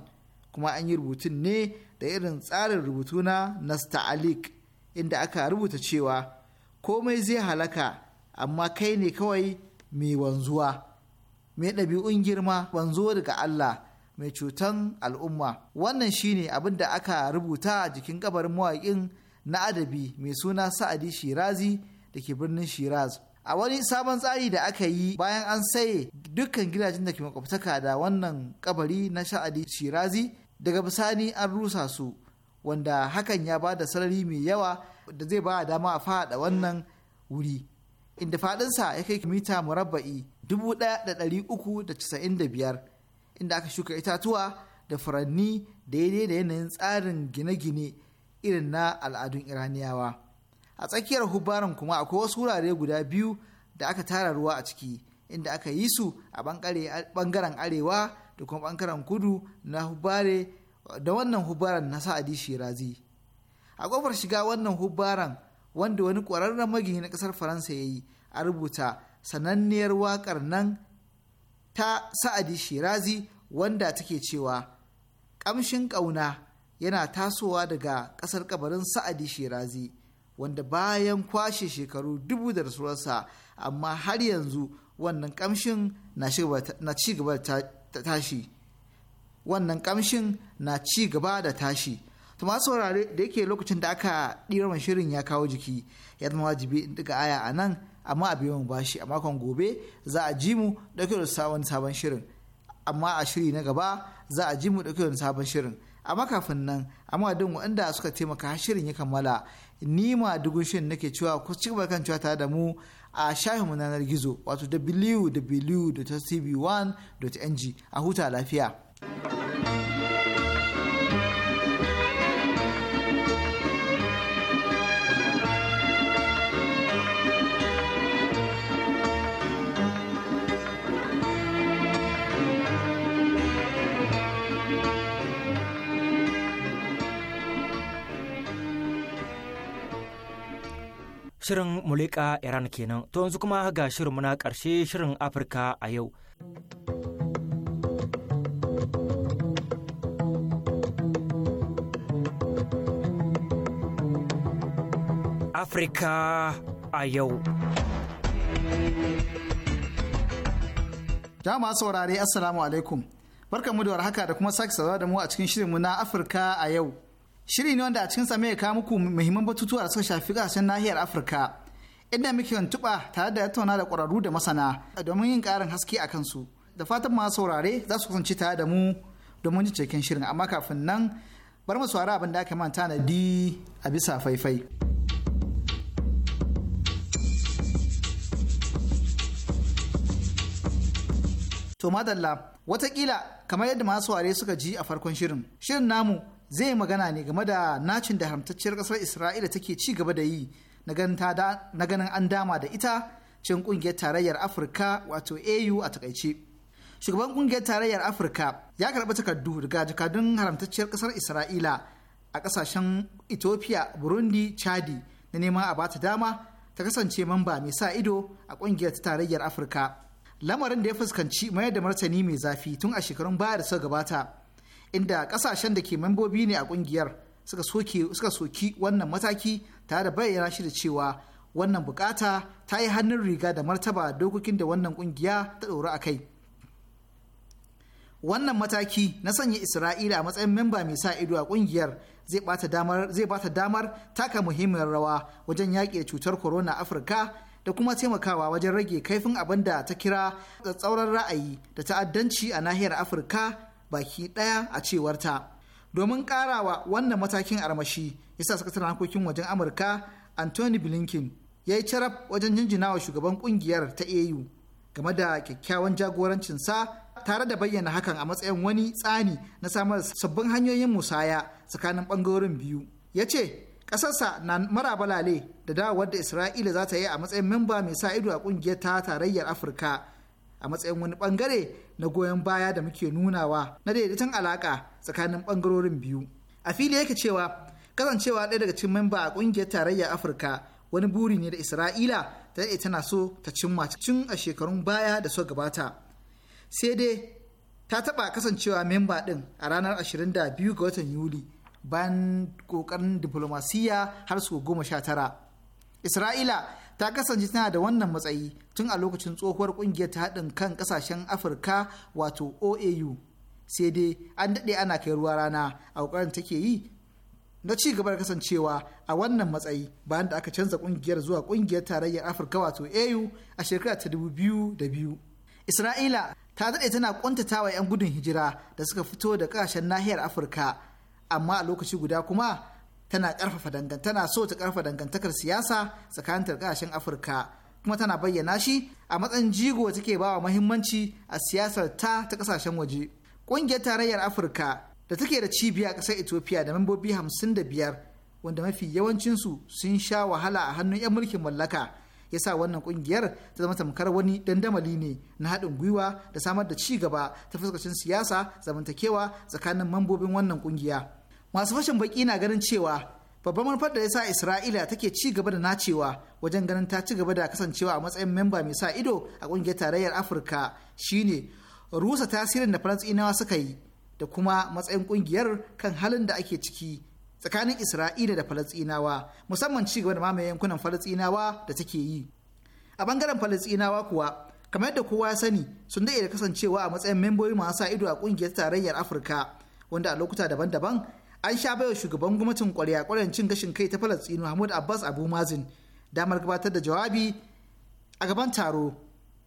kuma an yi rubutun ne da irin tsarin rubutu na nasta'alik inda aka rubuta cewa komai zai halaka amma kai ne kawai mai wanzuwa mai ɗabi'un girma wanzuwa daga allah mai cutan al'umma wannan shine abin da aka rubuta a jikin kabarin mawaƙin na adabi mai suna sa'adi shirazi da ke birnin shiraz a wani sabon tsari da aka yi bayan an saye dukkan gidajen da ke makwabtaka da wannan kabari na sha'adi shirazi daga bisani an rusa su wanda hakan ya ba da sarari mai yawa da zai ba a dama a faɗa wannan wuri inda fadinsa ya kai mita murabba'i 1,395 inda aka shuka itatuwa da furanni da daidai da yanayin tsarin gine-gine irin na al'adun iraniyawa a tsakiyar hubaran kuma akwai wasu wurare guda biyu da aka tara ruwa a ciki inda aka yi su a bangaren arewa da kuma bangaren kudu na hubare da wannan hubaran na sa'adi shirazi a kofar shiga wannan hubaran wanda wani ƙwararren magini na ƙasar faransa ya yi a rubuta sananniyar waƙar nan ta sa'adi shirazi wanda take cewa ƙamshin ƙauna yana tasowa daga ƙasar kabarin sa'adi shirazi wanda bayan kwashe shekaru dubu da rasuwarsa amma har yanzu wannan kamshin na ci gaba da tashi wannan kamshin na ci gaba da tashi to masu saurare da yake lokacin da aka ɗirar shirin ya kawo jiki ya zama wajibi daga aya a nan amma a biyan bashi a makon gobe za a ji mu ɗauke da sabon sabon shirin amma a shiri na gaba za a ji mu ɗauke da sabon shirin amma kafin nan amma duk waɗanda suka taimaka shirin ya kammala ni ma dugun shirin nake cewa ku ci gaba kan cewa tare da mu a shafin mu yanar gizo wato www.tv1.ng a huta lafiya. Shirin Mulika Iran kenan, to yanzu kuma ga shirin muna ƙarshe shirin Afirka a yau. Afirka a yau. Jama'a saurare Assalamu alaikum. Barkanmu da warhaka da kuma sake saurara da mu a cikin shirinmu na Afirka a yau. Shiri ne wanda a cikin mai kawo muku muhimman batutuwa da suka shafi kasashen nahiyar Afirka. Inda muke tuba tare da tattauna da ƙwararru da masana domin yin ƙarin haske a kansu. Da fatan masu saurare za su kusanci tare da mu domin jin cikin shirin amma kafin nan bar mu saurari abin da aka manta na di a bisa faifai. To madalla watakila kamar yadda masu ware suka ji a farkon shirin. Shirin namu zai yi magana ne game da nacin da haramtacciyar kasar isra'ila take ci gaba da yi na ganin an dama da ita cikin kungiyar tarayyar afirka wato au a takaice shugaban kungiyar tarayyar afirka ya karɓi takardu daga jakadun haramtacciyar kasar isra'ila a ƙasashen ethiopia burundi chadi na neman a bata dama ta kasance mamba mai sa ido a kungiyar tarayyar afirka lamarin da ya fuskanci mayar da martani mai zafi tun a shekarun baya da suka gabata inda kasashen da ke membobi ne a kungiyar suka soki wannan mataki tare da bayyana shi da cewa wannan bukata ta yi hannun riga da martaba dokokin da wannan kungiya ta ɗora a kai wannan mataki na sanya isra'ila a matsayin memba mai sa ido a kungiyar zai bata damar taka muhimmiyar rawa wajen yaƙi da cutar corona afirka da kuma taimakawa wajen rage kaifin abin da ta kira tsatsauran ra'ayi da ta'addanci a nahiyar afirka baki ɗaya a cewarta domin ƙarawa wannan matakin armashi yasa sakataren harkokin wajen amurka anthony blinken ya yi carab wajen jinjinawa shugaban kungiyar ta au game da kyakkyawan jagorancinsa tare da bayyana hakan a matsayin wani tsani na samar da sabbin hanyoyin musaya tsakanin ɓangarorin biyu ya ce ƙasarsa na marabalale da dawowar da isra'ila za ta yi a matsayin memba mai sa ido a kungiyar ta tarayyar afirka a matsayin wani bangare na goyon baya da muke nunawa na daidaiton alaka tsakanin bangarorin biyu a fili yake cewa kasancewa ɗaya daga cikin memba a ƙungiyar tarayyar afirka wani buri ne da isra'ila ta daɗe tana so ta cimma cin a shekarun baya da so gabata sai dai ta taɓa kasancewa memba ɗin a ranar 22 ga watan yuli bayan ƙoƙarin diflomasiyya har su goma sha tara isra'ila ta kasance tana da wannan matsayi tun a lokacin tsohuwar kungiyar ta haɗin kan ƙasashen afirka wato oau sai dai an daɗe ana kai ruwa rana a ƙoƙarin take yi na ci gaba da kasancewa a wannan matsayi bayan da aka canza kungiyar zuwa kungiyar tarayyar afirka wato au a shekara ta dubu biyu. da biyu. isra'ila ta daɗe tana ƙuntatawa 'yan gudun hijira da suka fito da ƙasashen nahiyar afirka amma a lokaci guda kuma tana karfafa dangantana so ta karfafa dangantakar siyasa tsakanin ƙasashen afirka kuma tana bayyana shi a matsayin jigo take bawa muhimmanci a siyasar ta ta kasashen waje ƙungiyar tarayyar afirka da take da cibiya a ƙasar ethiopia da membobi hamsin da biyar wanda mafi yawancinsu sun sha wahala a hannun 'yan mulkin mallaka ya sa wannan ƙungiyar ta zama tamkar wani dandamali ne na haɗin gwiwa da samar da ci gaba ta fuskacin siyasa zamantakewa tsakanin mambobin wannan kungiya masu fashin baki na ganin cewa babban manufar da ya sa isra'ila take ci gaba da nacewa wajen ganin ta ci gaba da kasancewa a matsayin memba mai sa ido a kungiyar tarayyar afirka shine rusa tasirin da farantsinawa suka yi da kuma matsayin kungiyar kan halin da ake ciki tsakanin isra'ila da falasɗinawa musamman ci gaba da mamaye yankunan falasɗinawa da take yi a bangaren falasɗinawa kuwa kamar yadda kowa ya sani sun daɗe da kasancewa a matsayin membobi masu sa ido a kungiyar tarayyar afirka wanda a lokuta daban-daban an sha baiwa shugaban gwamnatin kwarya kwarin cin gashin kai ta falastinu mahmud abbas abu mazin damar gabatar da jawabi a gaban taro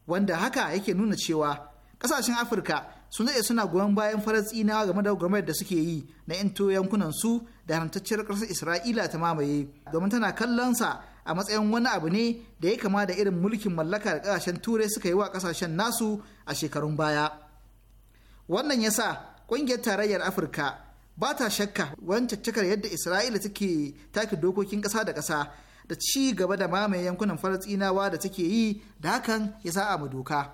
wanda haka yake nuna cewa kasashen afirka su daɗe suna goyon bayan falastinawa game da gwamnati da suke yi na into yankunan su da haramtacciyar ƙasar isra'ila ta mamaye domin tana kallon sa a matsayin wani abu ne da ya kama da irin mulkin mallaka da kasashen turai suka yi wa kasashen nasu a shekarun baya wannan yasa ƙungiyar tarayyar afirka ba ta shakka wancan cakar yadda isra'ila take take dokokin ƙasa da ƙasa da ci gaba da mamaye yankunan falastinawa da take yi da hakan ya sa mu doka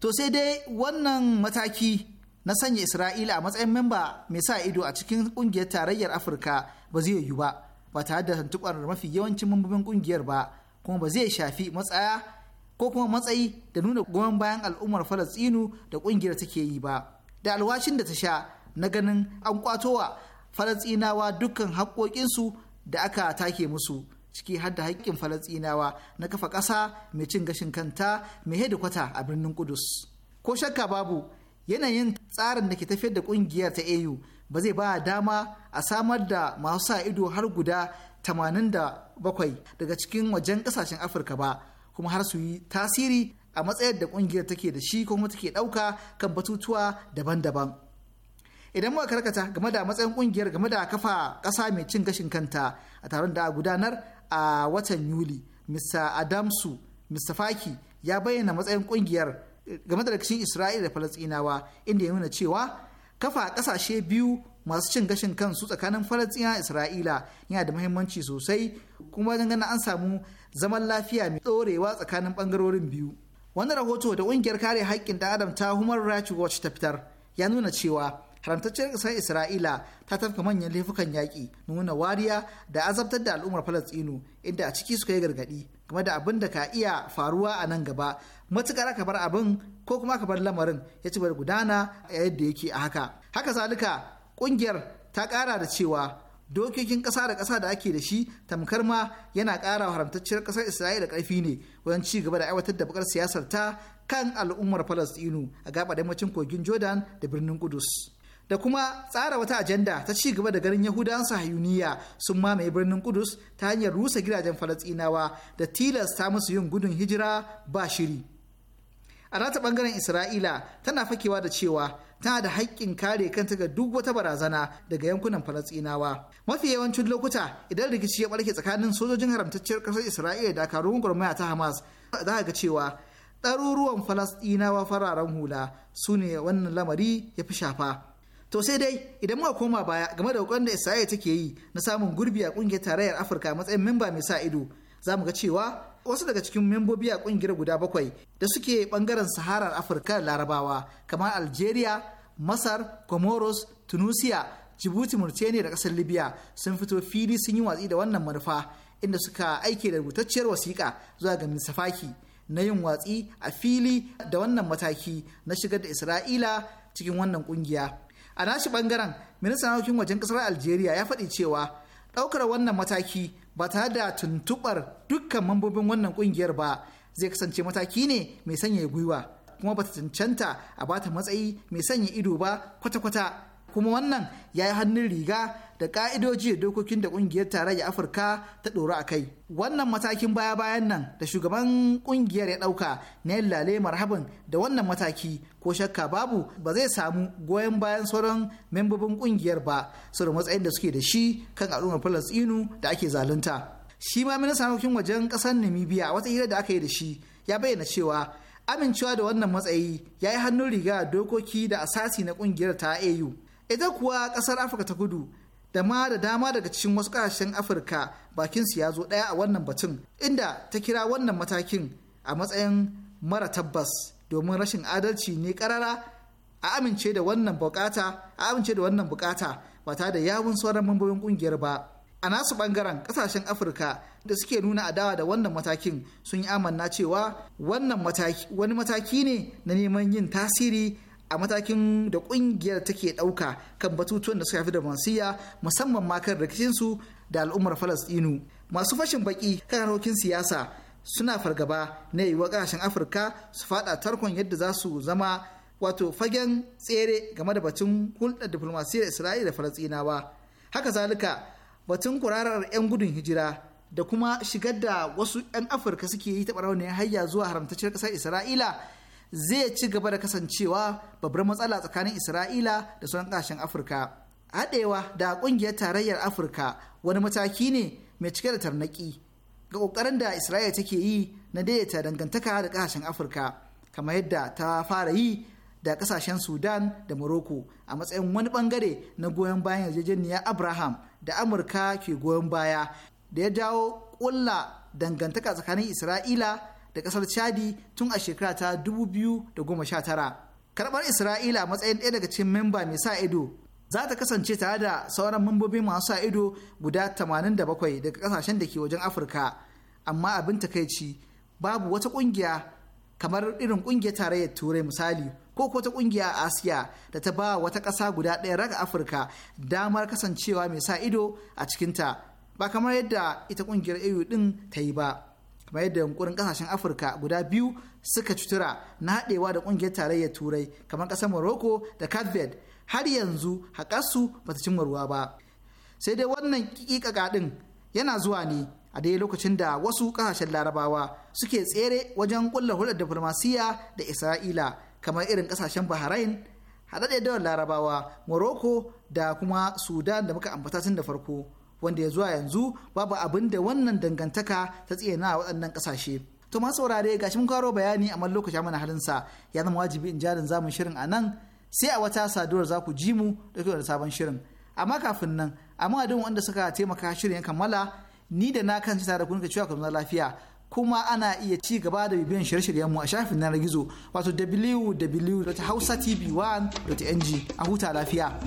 to sai dai wannan mataki na sanya isra'ila a matsayin memba mai sa ido a cikin ƙungiyar tarayyar afirka ba zai yiwu ba ba tare da tuntuɓar mafi yawancin mambobin ƙungiyar ba kuma ba zai shafi matsaya ko kuma matsayi da nuna goyon bayan al'ummar falastinu da ƙungiyar take yi ba. da alwashin da ta sha na ganin an kwatowa falasɗinawa dukkan haƙoƙinsu da aka take musu ciki har da haƙƙin falasɗinawa na kafa ƙasa mai cin gashin kanta mai hedikwata a birnin kudus ko shakka babu yanayin tsarin da ke tafiyar da ƙungiyar ta au ba zai ba dama a samar da masu sa ido har guda 87 daga cikin wajen ƙasashen afirka ba kuma har su yi tasiri a matsayar da kungiyar take da shi kuma take dauka kan batutuwa daban-daban idan muka karkata game da matsayin kungiyar game da kafa kasa mai cin gashin kanta a taron da gudanar a watan yuli mr adamsu mr faki ya bayyana matsayin kungiyar game da rikicin isra'ila da falastinawa inda ya nuna cewa kafa kasashe biyu masu cin gashin kansu tsakanin falastina isra'ila yana da muhimmanci sosai kuma dangane an samu zaman lafiya mai tsorewa tsakanin bangarorin biyu wani rahoto da ƙungiyar kare haƙƙin da adam ta human rights watch ta fitar ya nuna cewa haramtacciyar ƙasar isra'ila ta tafka manyan laifukan yaƙi nuna wariya da azabtar da al'ummar falastinu inda a ciki suka yi gargaɗi game da abin da ka iya faruwa a nan gaba matuƙar aka bar abin ko kuma aka bar lamarin ya ci gudana a yadda yake a haka haka zalika ƙungiyar ta ƙara da cewa dokokin ƙasa da ƙasa da ake da shi tamkar ma yana ƙara haramtacciyar ƙasar isra'ila ƙarfi ne wajen ci gaba da aiwatar da bakar siyasar ta kan al'ummar falastinu a gaba da yammacin kogin jordan da birnin kudus da kuma tsara wata ajanda ta ci gaba da garin yahudan sahayuniya sun mamaye birnin kudus ta hanyar rusa gidajen falastinawa da tilasta musu yin gudun hijira ba shiri a rata bangaren isra'ila tana fakewa da cewa tana da haƙƙin kare kanta ga duk wata barazana daga yankunan falasɗinawa mafi yawancin lokuta idan rikici ya ɓarke tsakanin sojojin haramtacciyar ƙasar isra'ila da karuwan gwamnati ta hamas za ga cewa ɗaruruwan falasɗinawa fararen hula su ne wannan lamari ya fi shafa to sai dai idan muka koma baya game da da isra'ila take yi na samun gurbi a ƙungiyar tarayyar afirka matsayin memba mai sa ido za mu ga cewa wasu daga cikin membobi a kungiyar guda bakwai da suke bangaren saharar afirka da larabawa kamar algeria masar comoros tunisia jibuti murtaniya da kasar libya sun fito fili sun yi watsi da wannan manufa inda suka aike da rubutacciyar wasiƙa zuwa ga misafaki na yin watsi a fili da wannan mataki na shigar da isra'ila cikin wannan kungiya a nashi bangaren ministan harkokin wajen kasar algeria ya faɗi cewa ɗaukar wannan mataki ba ta da tuntubar dukkan mambobin wannan kungiyar ba zai kasance mataki ne mai sanya gwiwa kuma ba ta cancanta a bata matsayi mai sanya ido ba kwata-kwata kuma wannan ya yi hannun riga da ka'idoji da dokokin da kungiyar da afirka ta ɗora a kai wannan matakin baya bayan nan da shugaban ƙungiyar ya ɗauka na yin lale marhaban da wannan mataki ko shakka babu ba zai samu goyon bayan sauran membobin ƙungiyar ba su da matsayin da suke da shi kan al'ummar falastinu da ake zalunta shi ma ministan harkokin wajen ƙasar namibia wata hira da aka yi da shi ya bayyana cewa amincewa da wannan matsayi ya yi hannun riga dokoki da asasi na ƙungiyar ta au ita kuwa ƙasar afirka ta kudu da ma da dama daga cikin wasu kasashen afirka bakinsu ya zo ɗaya a wannan batun inda ta kira wannan matakin a matsayin mara tabbas domin rashin adalci ne karara a amince da wannan bukata a amince da wannan bukata ba ta da yawun sauran mambobin ƙungiyar ba a nasu bangaren kasashen afirka da suke nuna adawa da wannan matakin sun yi amanna cewa wannan mataki wani mataki ne na neman yin tasiri a matakin da kungiyar take dauka kan batutuwan da suka haifi da musamman ma kan rikicinsu da al'ummar falastinu masu fashin baki kan harkokin siyasa suna fargaba na yiwuwar kasashen afirka su fada tarkon yadda za su zama wato fagen tsere game da batun hulɗar diflomasiyyar isra'ila da falastinawa haka zalika batun kurarar 'yan gudun hijira da kuma shigar da wasu 'yan afirka suke yi ta rauniyar hayya zuwa haramtacciyar ƙasar isra'ila zai ci gaba da kasancewa babbar matsala tsakanin isra'ila da sauran kasashen afirka haɗewa da ƙungiyar tarayyar afirka wani mataki ne mai cike da tarnaki ga ƙoƙarin da isra'ila take yi na daidaita dangantaka da kasashen afirka kamar yadda ta fara yi da ƙasashen sudan da morocco a matsayin wani ɓangare na goyon bayan yarjejeniya abraham da amurka ke goyon baya da ya jawo ƙulla dangantaka tsakanin isra'ila da kasar chadi tun a shekara ta 2019 karbar isra'ila matsayin ɗaya daga cikin memba mai sa ido za ta kasance tare da sauran mambobi masu sa ido guda 87 daga kasashen da ke wajen afirka amma abin takaici babu wata ƙungiya kamar irin ƙungiyar tarayyar turai misali ko ko ta ƙungiya a asiya da ta ba wata ƙasa guda ɗaya raga afirka damar kasancewa mai sa ido a cikinta ba kamar yadda ita ƙungiyar au ɗin ta yi ba kamar yadda yunkurin kasashen afirka guda biyu suka cutura na haɗewa da ƙungiyar tarayyar turai kamar ƙasar morocco da cape har yanzu haƙarsu ba ta cimma ruwa ba sai dai wannan ƙiƙaƙa ɗin yana zuwa ne a dai lokacin da wasu ƙasashen larabawa suke tsere wajen ƙulla hulɗar diflomasiyya da isra'ila kamar irin ƙasashen bahrain dawar larabawa morocco da kuma sudan da muka ambata tun da farko wanda ya zuwa yanzu babu abin da wannan dangantaka ta tsaye na waɗannan ƙasashe. To ma saurare gashi mun karo bayani amma lokaci mana sa ya zama wajibi in jarin zamun shirin a nan sai a wata saduwar za ku ji mu da da sabon shirin. Amma kafin nan amma duk wanda suka taimaka shirin ya kammala ni da na kan tare kun ka cewa ku lafiya kuma ana iya ci gaba da bibiyan shirye-shiryenmu a shafin na gizo wato www.hausatv1.ng a huta lafiya.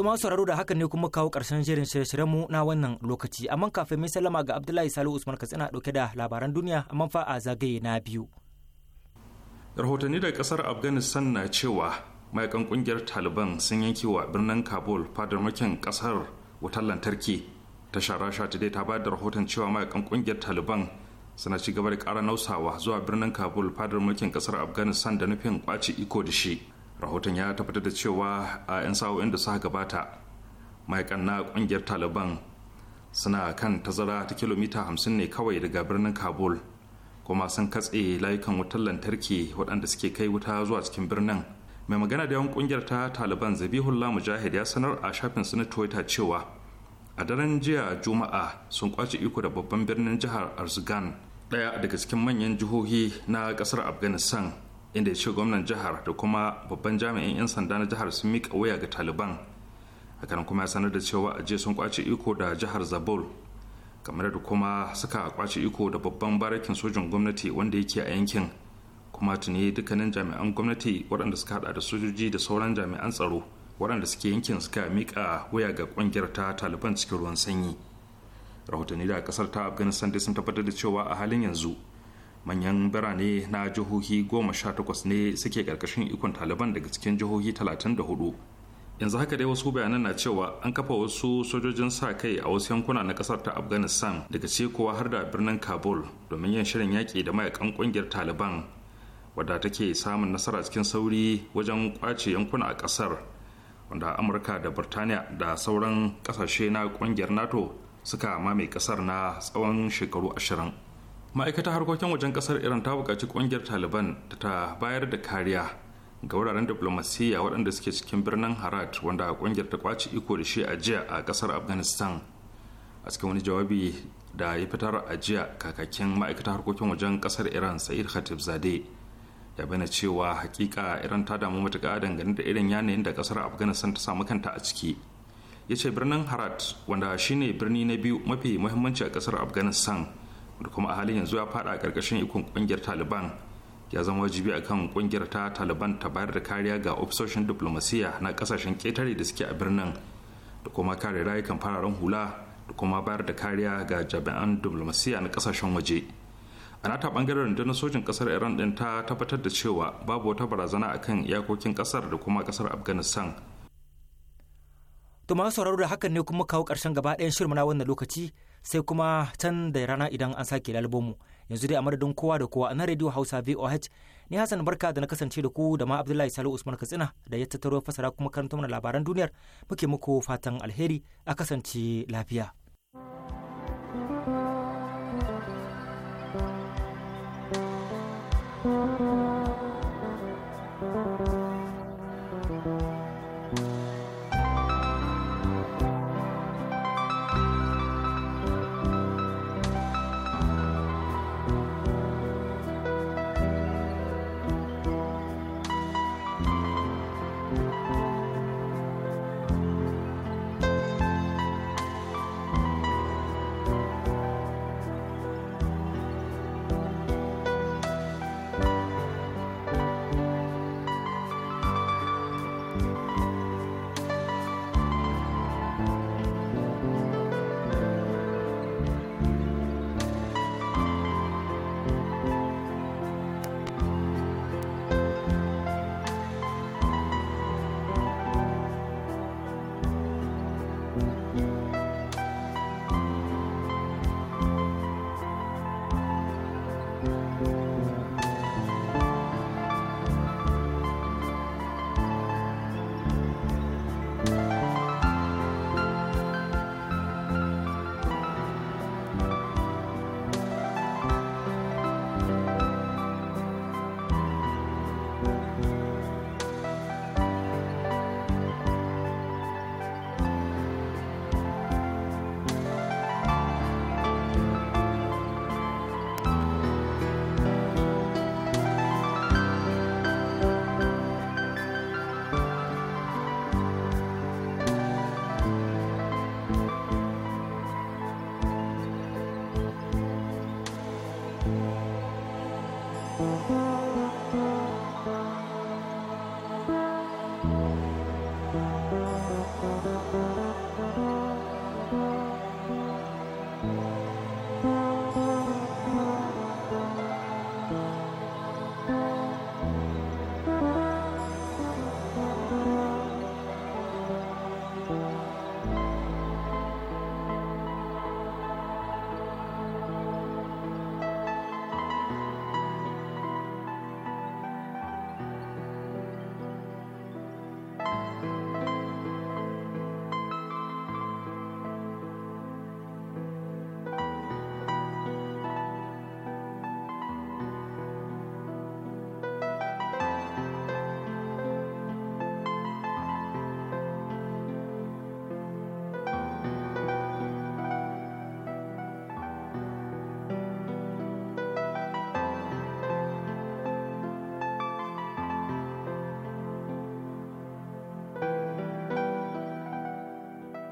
To masu sauraro da hakan ne kuma kawo karshen jerin shirye mu na wannan lokaci. Amma kafin mai sallama ga Abdullahi Salihu Usman Katsina dauke da labaran duniya a fa a zagaye na biyu. Rahotanni daga kasar Afghanistan na cewa mayakan ƙungiyar Taliban sun yanke wa birnin Kabul fadarmakin kasar wutar lantarki. ta Rasha Today ta bayar da rahoton cewa mayakan ƙungiyar Taliban suna ci gaba da ƙara nausawa zuwa birnin Kabul fadar fadarmakin kasar Afghanistan da nufin ƙwace iko da shi. rahoton ya tabbatar da cewa a 'yan sa'o'in da suka gabata mayakan na kungiyar taliban suna kan tazara ta kilomita hamsin ne kawai daga birnin kabul kuma sun katse layukan wutar lantarki waɗanda suke kai wuta zuwa cikin birnin mai magana da yawan kungiyar ta taliban zabihullah mujahid ya sanar a shafin su na twitter cewa a daren jiya juma'a sun kwace iko da babban birnin jihar arzugan ɗaya daga cikin manyan jihohi na ƙasar afghanistan inda ya ce gwamnan jihar da kuma babban jami'in 'yan sanda na jihar sun miƙa waya ga taliban hakan kuma ya sanar da cewa aje sun kwace iko da jihar zabul kamar da kuma suka kwace iko da babban barakin sojin gwamnati wanda yake a yankin kuma tuni dukkanin jami'an gwamnati waɗanda suka hada da sojoji da sauran jami'an tsaro waɗanda suke yankin suka miƙa waya ga ƙungiyar ta taliban cikin ruwan sanyi rahotanni da ƙasar ta afghanistan sun tabbatar da cewa a halin yanzu manyan birane na jihohi goma sha takwas ne suke karkashin ikon taliban daga cikin jihohi talatin da hudu yanzu haka dai wasu bayanan na cewa an kafa wasu sojojin sa kai a wasu yankuna na kasar ta afghanistan daga cikowa har da birnin kabul domin yin shirin yaƙi da mayakan ƙungiyar taliban wadda take samun nasara cikin sauri wajen kwace yankuna a ƙasar wanda amurka da birtaniya da sauran kasashe na ƙungiyar nato suka mame ƙasar na tsawon shekaru ashirin ma'aikatar harkokin wajen kasar iran ta buƙaci ƙungiyar taliban da ta bayar da kariya ga wuraren diplomasiyya waɗanda suke cikin birnin harad wanda ƙungiyar ta kwaci iko da shi a jiya a kasar afghanistan a cikin wani jawabi da ya fitar a jiya kakakin ma'aikatar harkokin wajen kasar iran sa'id khatib zade ya bayyana cewa hakika iran ta damu matuƙa dangane da irin yanayin da kasar afghanistan ta samu kanta a ciki ya ce birnin harad wanda shine birni na biyu mafi muhimmanci a ƙasar afghanistan wanda kuma a halin yanzu ya fada a ƙarƙashin ikon kungiyar taliban ya zama wajibi akan ƙungiyar ta taliban ta bayar da kariya ga ofisoshin diplomasiya na kasashen ketare da suke a birnin da kuma kare rayukan fararen hula da kuma bayar da kariya ga jami'an diplomasiya na ƙasashen waje a nata bangaren rundunar sojin ƙasar iran din ta tabbatar da cewa babu wata barazana akan iyakokin kasar da kuma ƙasar afghanistan to masu sauraro da hakan ne kuma kawo ƙarshen gaba ɗayan na wannan lokaci sai kuma can da rana idan an sake lalbomu yanzu dai a madadin kowa da kowa na radio hausa voh ni hassan barka da na kasance da ku da ma abdullahi salihu usman katsina da ya tattaro fasara kuma karanta mana labaran duniyar muke muku fatan alheri a kasance lafiya.